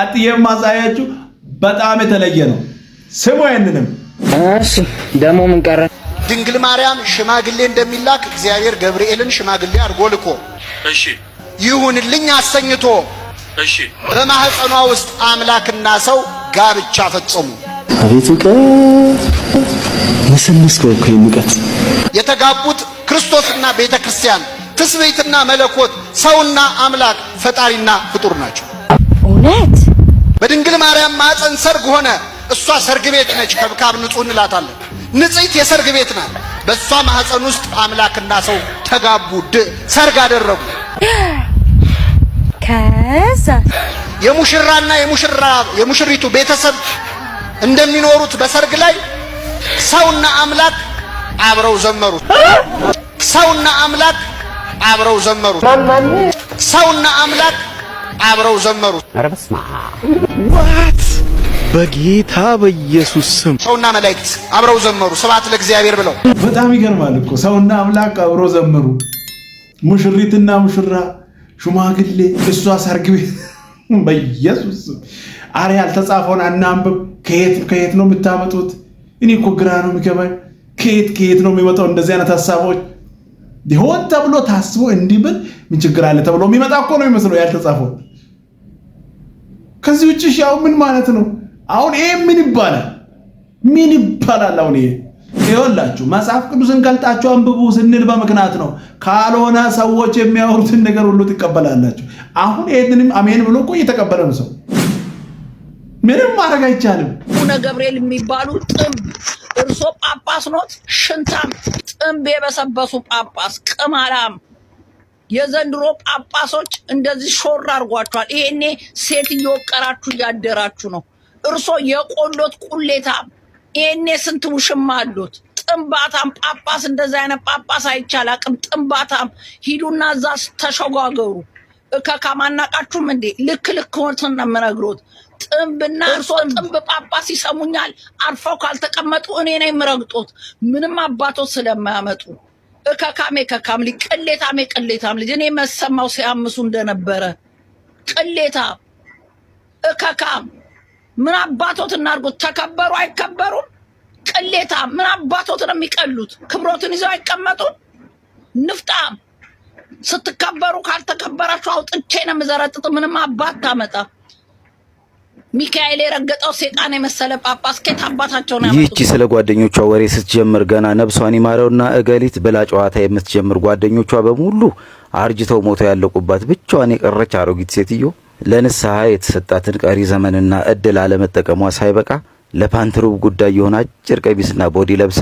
አጥየም ማሳያችሁ በጣም የተለየ ነው። ስሙ ያንንም። እሺ ደግሞ ምን ቀረ? ድንግል ማርያም ሽማግሌ እንደሚላክ እግዚአብሔር ገብርኤልን ሽማግሌ አድርጎ ልኮ እሺ ይሁንልኝ አሰኝቶ እሺ በማህፀኗ ውስጥ አምላክና ሰው ጋብቻ ፈጸሙ። አቤት እውቀት ነሰነስከው እኮ ይንቀት የተጋቡት ክርስቶስና ቤተ ክርስቲያን ትስብእትና መለኮት ሰውና አምላክ ፈጣሪና ፍጡር ናቸው። እውነት በድንግል ማርያም ማፀን ሰርግ ሆነ። እሷ ሰርግ ቤት ነች፣ ከብካብ ንጹህ እንላታለን። ንጽሕት የሰርግ ቤት ናት። በእሷ ማህፀን ውስጥ አምላክና ሰው ተጋቡ፣ ሰርግ አደረጉ። ከዛ የሙሽራና የሙሽራ የሙሽሪቱ ቤተሰብ እንደሚኖሩት በሰርግ ላይ ሰውና አምላክ አብረው ዘመሩ። ሰውና አምላክ አብረው ዘመሩ። ሰውና አምላክ አብረው ዘመሩ። ኧረ በስመ ዋት በጌታ በኢየሱስ ስም ሰውና መላእክት አብረው ዘመሩ ስብሐት ለእግዚአብሔር ብለው። በጣም ይገርማል እኮ ሰውና አምላክ አብረው ዘመሩ። ሙሽሪትና ሙሽራ፣ ሽማግሌ፣ እሷ ሰርግ ቤት። በኢየሱስ አሬ ያልተጻፈውን አናንብብ። ከየት ከየት ነው የምታመጡት? እኔ እኮ ግራ ነው የሚገባኝ። ከየት ከየት ነው የሚመጣው እንደዚህ አይነት ሀሳቦች? ሆን ተብሎ ታስቦ እንዲህ ብል ምን ችግር አለ ተብሎ የሚመጣ እኮ ነው የሚመስለው ያልተጻፈው ከዚህ ውጭ ያው ምን ማለት ነው? አሁን ይሄ ምን ይባላል? ምን ይባላል? አሁን ይሄ ይኸውላችሁ መጽሐፍ ቅዱስን ገልጣችሁ አንብቡ ስንል በምክንያት ነው። ካልሆነ ሰዎች የሚያወሩትን ነገር ሁሉ ትቀበላላችሁ። አሁን ይሄንንም አሜን ብሎ እኮ እየተቀበለ ነው ሰው። ምንም ማድረግ አይቻልም። አቡነ ገብርኤል የሚባሉ ጥምብ እርሶ ጳጳስ ኖት፣ ሽንታም ጥምብ የበሰበሱ ጳጳስ ቅማላም የዘንድሮ ጳጳሶች እንደዚህ ሾር አርጓቸዋል። ይሄኔ ሴት እየወቀራችሁ እያደራችሁ ነው። እርሶ የቆሎት ቁሌታ ይሄኔ ስንት ውሽማ አሉት። ጥንባታም ጳጳስ እንደዚ አይነት ጳጳስ አይቻል አቅም ጥንባታም ሂዱና እዛ ተሸጓገሩ። ከካማናቃችሁም እንዴ ልክ ልክ ሆትን ነው የምነግሮት። ጥንብና እርሶ ጥንብ ጳጳስ ይሰሙኛል። አርፈው ካልተቀመጡ እኔ ነው የምረግጦት ምንም አባቶት ስለማያመጡ እካካሜ ከካም ልጅ ቅሌታሜ ቅሌታም ልጅ እኔ መሰማው ሲያምሱ እንደነበረ ቅሌታም እከካም ምን አባቶት እናርጉት? ተከበሩ አይከበሩም። ቅሌታም ምን አባቶት ነው የሚቀሉት? ክብሮትን ይዘው አይቀመጡም። ንፍጣም ስትከበሩ ካልተከበራችሁ አውጥቼ ነው የምዘረጥጥ። ምንም አባት ታመጣ ሚካኤል የረገጠው ሴጣን የመሰለ ጳጳስ ከየት አባታቸው ነው? ይህቺ ስለ ጓደኞቿ ወሬ ስትጀምር ገና ነብሷን ይማረውና እገሊት ብላ ጨዋታ የምትጀምር ጓደኞቿ በሙሉ አርጅተው ሞተው ያለቁባት ብቻዋን የቀረች አሮጊት ሴትዮ ለንስሐ የተሰጣትን ቀሪ ዘመንና እድል አለመጠቀሟ ሳይበቃ ለፓንትሩብ ጉዳይ የሆነ አጭር ቀሚስና ቦዲ ለብሳ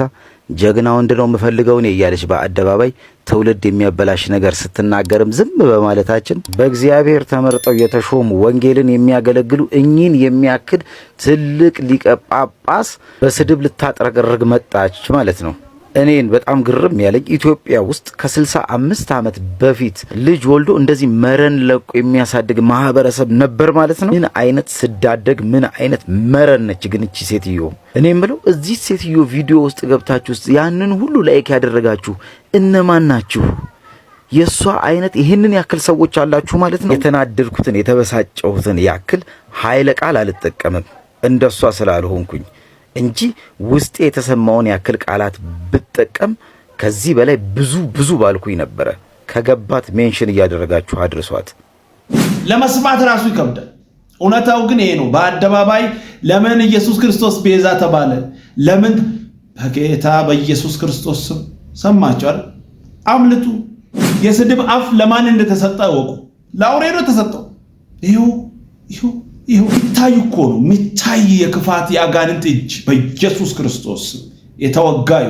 ጀግና ወንድ ነው የምፈልገው እኔ እያለች በአደባባይ ትውልድ የሚያበላሽ ነገር ስትናገርም ዝም በማለታችን በእግዚአብሔር ተመርጠው የተሾሙ ወንጌልን የሚያገለግሉ እኚህን የሚያክል ትልቅ ሊቀ ጳጳስ በስድብ ልታጥረቅርግ መጣች ማለት ነው። እኔን በጣም ግርም ያለኝ ኢትዮጵያ ውስጥ ከስልሳ አምስት ዓመት በፊት ልጅ ወልዶ እንደዚህ መረን ለቆ የሚያሳድግ ማህበረሰብ ነበር ማለት ነው። ምን አይነት ስዳደግ ምን አይነት መረን ነች ግን እቺ ሴትዮ። እኔ የምለው እዚህ ሴትዮ ቪዲዮ ውስጥ ገብታችሁ ውስጥ ያንን ሁሉ ላይክ ያደረጋችሁ እነማን ናችሁ? የእሷ አይነት ይህንን ያክል ሰዎች አላችሁ ማለት ነው። የተናደድኩትን የተበሳጨሁትን ያክል ኃይለ ቃል አልጠቀምም እንደሷ ስላልሆንኩኝ እንጂ ውስጤ የተሰማውን ያክል ቃላት ብጠቀም ከዚህ በላይ ብዙ ብዙ ባልኩኝ ነበረ። ከገባት ሜንሽን እያደረጋችሁ አድርሷት። ለመስማት ራሱ ይከብዳል። እውነታው ግን ይሄ ነው። በአደባባይ ለምን ኢየሱስ ክርስቶስ ቤዛ ተባለ? ለምን በጌታ በኢየሱስ ክርስቶስ ስም ሰማችኋል። አምልጡ። የስድብ አፍ ለማን እንደተሰጠ እወቁ። ለአውሬ ነው የተሰጠው። ይኸው ይኸው ይታይ እኮ ነው የሚታይ የክፋት የአጋንንት እጅ በኢየሱስ ክርስቶስ የተወጋዩ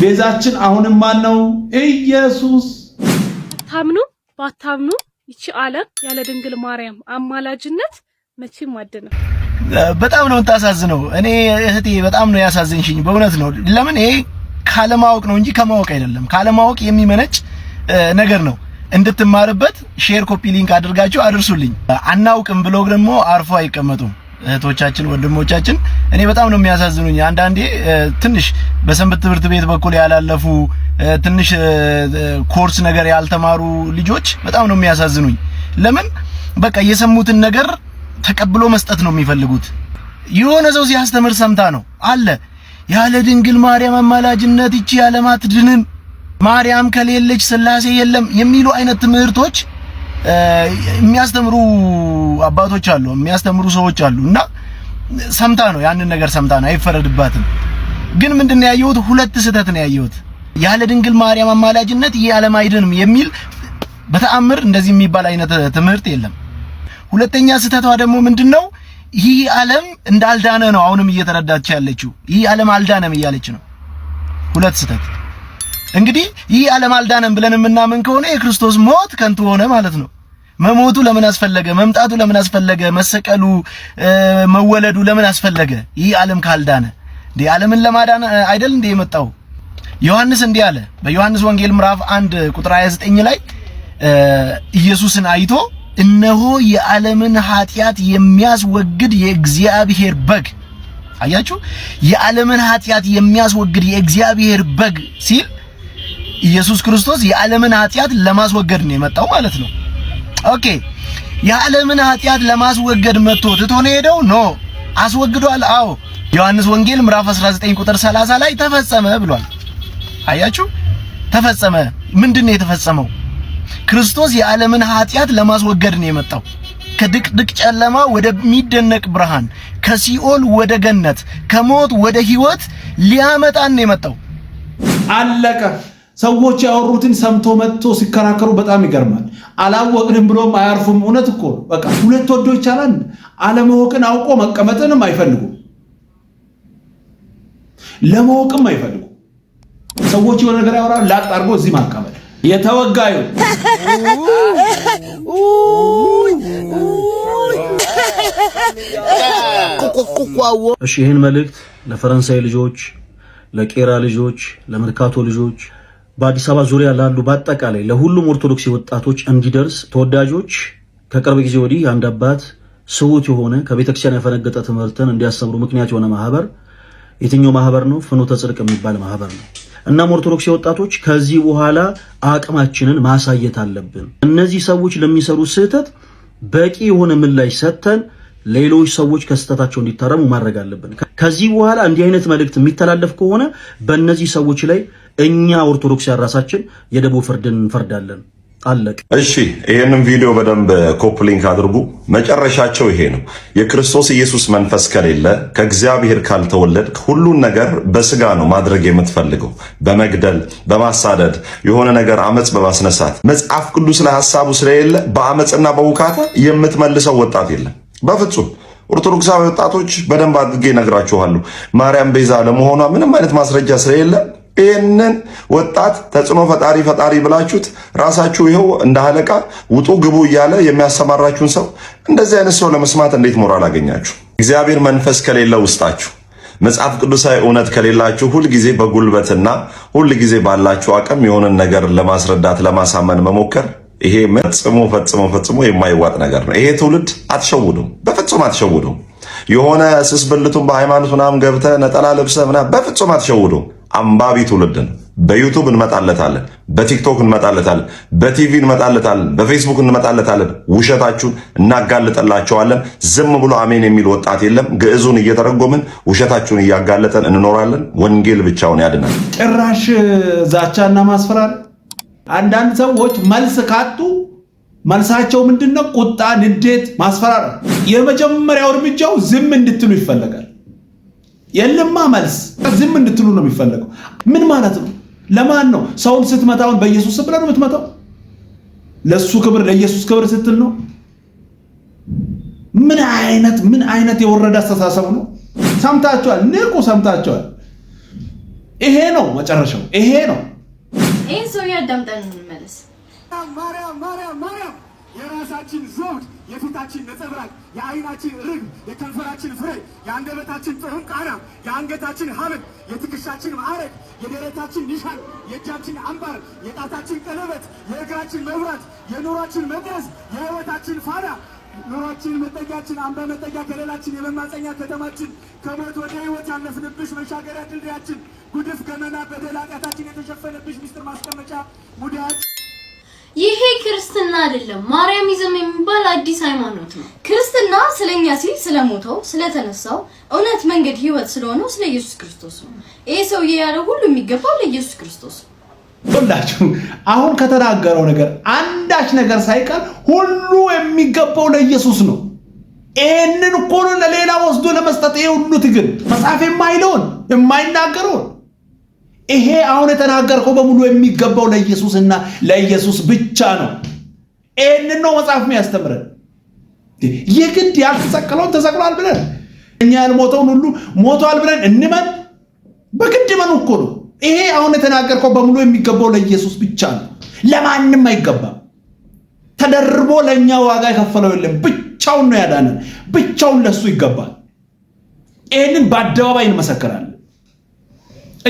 ቤዛችን አሁንም ማን ነው? ኢየሱስ። ታምኑ ባታምኑ ይቺ ዓለም ያለ ድንግል ማርያም አማላጅነት መቼም ነው። በጣም ነው የምታሳዝነው። እኔ እህቴ በጣም ነው ያሳዝንሽኝ፣ በእውነት ነው። ለምን ይሄ ካለማወቅ ነው እንጂ ከማወቅ አይደለም። ካለማወቅ የሚመነጭ ነገር ነው። እንድትማርበት ሼር ኮፒ ሊንክ አድርጋችሁ አድርሱልኝ። አናውቅም ብለው ደግሞ አርፎ አይቀመጡም እህቶቻችን ወንድሞቻችን። እኔ በጣም ነው የሚያሳዝኑኝ። አንዳንዴ ትንሽ በሰንበት ትምህርት ቤት በኩል ያላለፉ ትንሽ ኮርስ ነገር ያልተማሩ ልጆች በጣም ነው የሚያሳዝኑኝ። ለምን በቃ የሰሙትን ነገር ተቀብሎ መስጠት ነው የሚፈልጉት። የሆነ ሰው ሲያስተምር ሰምታ ነው አለ ያለ ድንግል ማርያም አማላጅነት እቺ ያለማት ድንን ማርያም ከሌለች ስላሴ የለም የሚሉ አይነት ትምህርቶች የሚያስተምሩ አባቶች አሉ፣ የሚያስተምሩ ሰዎች አሉ። እና ሰምታ ነው ያንን ነገር ሰምታ ነው፣ አይፈረድባትም። ግን ምንድን ነው ያየሁት? ሁለት ስህተት ነው ያየሁት። ያለ ድንግል ማርያም አማላጅነት ይህ ዓለም አይድንም የሚል በተአምር እንደዚህ የሚባል አይነት ትምህርት የለም። ሁለተኛ ስህተቷ ደግሞ ምንድን ነው? ይህ ዓለም እንዳልዳነ ነው አሁንም እየተረዳች ያለችው። ይህ ዓለም አልዳነም እያለች ነው። ሁለት ስህተት እንግዲህ ይህ ዓለም አልዳነም ብለን የምናምን ከሆነ የክርስቶስ ሞት ከንቱ ሆነ ማለት ነው። መሞቱ ለምን አስፈለገ? መምጣቱ ለምን አስፈለገ? መሰቀሉ፣ መወለዱ ለምን አስፈለገ? ይህ ዓለም ካልዳነ እንዴ ዓለምን ለማዳን አይደል እንዴ የመጣው? ዮሐንስ እንዲህ አለ በዮሐንስ ወንጌል ምዕራፍ 1 ቁጥር 29 ላይ ኢየሱስን አይቶ እነሆ የዓለምን ኃጢአት የሚያስወግድ የእግዚአብሔር በግ አያችሁ፣ የዓለምን ኃጢአት የሚያስወግድ የእግዚአብሔር በግ ሲል ኢየሱስ ክርስቶስ የዓለምን ኃጢአት ለማስወገድ ነው የመጣው ማለት ነው። ኦኬ የዓለምን ኃጢአት ለማስወገድ መጥቶ ትቶ ነው ሄደው ኖ አስወግዷል። አዎ ዮሐንስ ወንጌል ምዕራፍ 19 ቁጥር 30 ላይ ተፈጸመ ብሏል። አያችሁ ተፈጸመ። ምንድን ነው የተፈጸመው? ክርስቶስ የዓለምን ኃጢአት ለማስወገድ ነው የመጣው ከድቅድቅ ጨለማ ወደሚደነቅ ብርሃን፣ ከሲኦል ወደ ገነት፣ ከሞት ወደ ሕይወት ሊያመጣን ነው የመጣው። አለቀ። ሰዎች ያወሩትን ሰምቶ መጥቶ ሲከራከሩ በጣም ይገርማል። አላወቅንም ብሎም አያርፉም። እውነት እኮ በቃ ሁለት ወዶ ይቻላል። አለማወቅን አውቆ መቀመጥንም አይፈልጉም፣ ለማወቅም አይፈልጉም። ሰዎች የሆነ ነገር ያወራሉ፣ ላጥ አድርጎ እዚህ ማቀመጥ የተወጋዩ እሺ ይህን መልእክት ለፈረንሳይ ልጆች፣ ለቄራ ልጆች፣ ለመርካቶ ልጆች በአዲስ አበባ ዙሪያ ላሉ በአጠቃላይ ለሁሉም ኦርቶዶክስ ወጣቶች እንዲደርስ ተወዳጆች ከቅርብ ጊዜ ወዲህ አንድ አባት ስውት የሆነ ከቤተክርስቲያን ያፈነገጠ ትምህርትን እንዲያስተምሩ ምክንያት የሆነ ማህበር የትኛው ማህበር ነው? ፍኖተ ጽድቅ የሚባል ማህበር ነው። እናም ኦርቶዶክስ ወጣቶች ከዚህ በኋላ አቅማችንን ማሳየት አለብን። እነዚህ ሰዎች ለሚሰሩ ስህተት በቂ የሆነ ምላሽ ሰጥተን ሌሎች ሰዎች ከስህተታቸው እንዲታረሙ ማድረግ አለብን። ከዚህ በኋላ እንዲህ አይነት መልእክት የሚተላለፍ ከሆነ በእነዚህ ሰዎች ላይ እኛ ኦርቶዶክሳ ራሳችን የደቡብ ፍርድን እንፈርዳለን። አለቅ። እሺ፣ ይህንም ቪዲዮ በደንብ ኮፕሊንክ አድርጉ። መጨረሻቸው ይሄ ነው። የክርስቶስ ኢየሱስ መንፈስ ከሌለ ከእግዚአብሔር ካልተወለድክ ሁሉን ነገር በስጋ ነው ማድረግ የምትፈልገው፣ በመግደል በማሳደድ የሆነ ነገር አመፅ በማስነሳት መጽሐፍ ቅዱስ ላይ ሀሳቡ ስለሌለ በአመፅና በውካታ የምትመልሰው ወጣት የለም በፍጹም። ኦርቶዶክሳዊ ወጣቶች በደንብ አድርጌ እነግራችኋለሁ። ማርያም ቤዛ ለመሆኗ ምንም አይነት ማስረጃ ስለሌለ ይህንን ወጣት ተጽዕኖ ፈጣሪ ፈጣሪ ብላችሁት ራሳችሁ ይኸው እንደ አለቃ ውጡ ግቡ እያለ የሚያሰማራችሁን ሰው እንደዚህ አይነት ሰው ለመስማት እንዴት ሞራል አገኛችሁ? እግዚአብሔር መንፈስ ከሌለ ውስጣችሁ መጽሐፍ ቅዱሳዊ እውነት ከሌላችሁ ሁልጊዜ በጉልበትና ሁልጊዜ ባላችሁ አቅም የሆነን ነገር ለማስረዳት ለማሳመን መሞከር ይሄ ፈጽሞ ፈጽሞ ፈጽሞ የማይዋጥ ነገር ነው። ይሄ ትውልድ አትሸውዱም፣ በፍጹም አትሸውዱም። የሆነ ስስ ብልቱን በሃይማኖት ምናምን ገብተ ነጠላ ልብሰ ምናምን በፍጹም አትሸውዱም። አንባቢ ነው። በዩቱብ እንመጣለታለን፣ በቲክቶክ እንመጣለታለን፣ በቲቪ እንመጣለታለን፣ በፌስቡክ እንመጣለታለን። ውሸታችሁን እናጋልጠላቸዋለን። ዝም ብሎ አሜን የሚል ወጣት የለም። ግዕዙን እየተረጎምን ውሸታችሁን እያጋለጠን እንኖራለን። ወንጌል ብቻውን ያድናል። ጭራሽ ዛቻና ማስፈራር አንዳንድ ሰዎች መልስ ካጡ መልሳቸው ምንድነው? ቁጣ፣ ንዴት፣ ማስፈራር የመጀመሪያው እርምጃው ዝም እንድትሉ ይፈለጋል። የለማ መልስ ዝም እንድትሉ ነው የሚፈለገው። ምን ማለት ነው? ለማን ነው ሰውን ስትመታውን? በኢየሱስ ስም ብለህ ነው የምትመታው? ለሱ ክብር ለኢየሱስ ክብር ስትል ነው። ምን አይነት ምን አይነት የወረደ አስተሳሰብ ነው? ሰምታችኋል፣ ንቁ። ሰምታችኋል። ይሄ ነው መጨረሻው። ይሄ ነው። ይህን ሰው ያዳምጠን፣ እንመለስ። ማርያም ማርያም ማርያም የራሳችን ዘውድ፣ የፊታችን ነጸብራቅ፣ የአይናችን ርግብ፣ የከንፈራችን ፍሬ፣ የአንደበታችን ጥዑም ቃና፣ የአንገታችን ሐብል፣ የትከሻችን ማዕረግ፣ የደረታችን ኒሻን፣ የእጃችን አምባር፣ የጣታችን ቀለበት፣ የእግራችን መብራት፣ የኑሯችን መቅረዝ፣ የህይወታችን ፋና ኑሯችን መጠጊያችን፣ አምባ መጠጊያ ከሌላችን፣ የመማፀኛ ከተማችን፣ ከሞት ወደ ህይወት ያለፍንብሽ መሻገሪያ ድልድያችን፣ ጉድፍ ገመና በደል ኃጢአታችን የተሸፈነብሽ ምስጢር ማስቀመጫ ሙዳያችን ይሄ ክርስትና አይደለም፣ ማርያም ይዘም የሚባል አዲስ ሃይማኖት ነው። ክርስትና ስለኛ ሲል ስለሞተው፣ ስለተነሳው እውነት፣ መንገድ፣ ህይወት ስለሆነው ስለ ኢየሱስ ክርስቶስ ነው። ይሄ ሰውዬ ያለው ሁሉ የሚገባው ለኢየሱስ ክርስቶስ ነው። ሁላችሁ አሁን ከተናገረው ነገር አንዳች ነገር ሳይቀር ሁሉ የሚገባው ለኢየሱስ ነው። ይሄንን እኮ ነው ለሌላ ወስዶ ለመስጠት ይሄ ሁሉ ትግል መጽሐፍ የማይለውን የማይናገረውን ይሄ አሁን የተናገርከው በሙሉ የሚገባው ለኢየሱስና ለኢየሱስ ብቻ ነው። ይህንን ነው መጽሐፍ የሚያስተምረን። የግድ ያልተሰቀለውን ተሰቅሏል ብለን እኛ ያልሞተውን ሁሉ ሞቷል ብለን እንመን በግድ መን እኮ ነው። ይሄ አሁን የተናገርከው በሙሉ የሚገባው ለኢየሱስ ብቻ ነው፣ ለማንም አይገባም። ተደርቦ ለእኛ ዋጋ የከፈለው የለም፣ ብቻውን ነው ያዳነን፣ ብቻውን ለሱ ይገባል። ይህንን በአደባባይ እንመሰክራለን።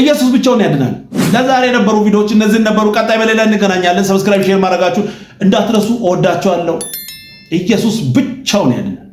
ኢየሱስ ብቻውን ያድናል። ለዛሬ የነበሩ ቪዲዮዎች እነዚህን ነበሩ። ቀጣይ በሌላ እንገናኛለን። ሰብስክራይብ፣ ሼር ማድረጋችሁ እንዳትረሱ። እወዳችኋለሁ። ኢየሱስ ብቻውን ያድናል።